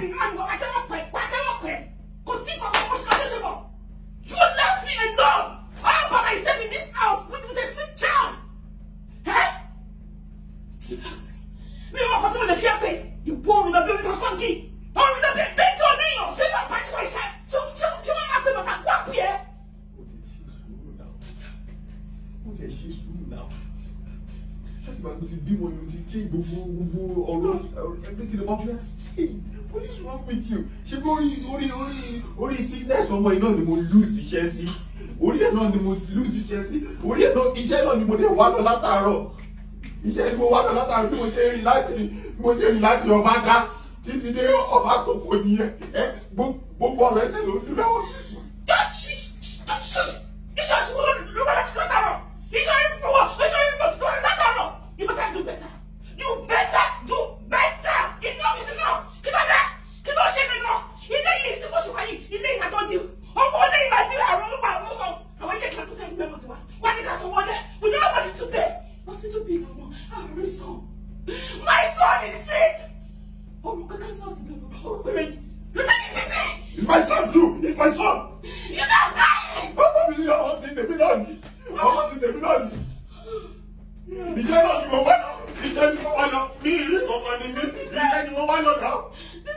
ẹ̀mí You left me alone all by myself in this house with with a child. Mi ò mọ̀ kọ́ tí mo lè fi ẹ́ pè ìwọ òrùn lọ bí orí kan sọ́ǹgì. Òrùn lọ bí bẹ́ẹ̀ tó níyàn ṣé bàbá ni wọ́n ṣe ṣé ṣé wọ́n máa pè bàbá what is wrong with you ṣe bí orí orí orí orí sickness ọmọ iná ni mo lose iṣẹ́ sí orí ẹ̀ náà ni mo lose iṣẹ́ sí orí ẹ̀ náà iṣẹ́ náà ni mo dẹ̀ wá lọ látàárọ̀ iṣẹ́ ni mo wá lọ látàárọ̀ bí mo ṣe rìn láti bí mo ṣe rìn láti ọba ká títí dé ọba tó kò nìyẹn gbogbo ọ̀rọ̀ ẹsẹ̀ ló dúró. my son. My son is sick. Oh, I can't solve it. Oh, baby. You think it is sick? It's my son too. It's my son. You don't die. What do you want in the middle? I want in the middle. Ìṣẹ́ náà ni mo wá lọ. Ìṣẹ́ ni mo wá lọ. Mi ìrí kankan ni mi. Ìṣẹ́ ni mo wá lọ náà.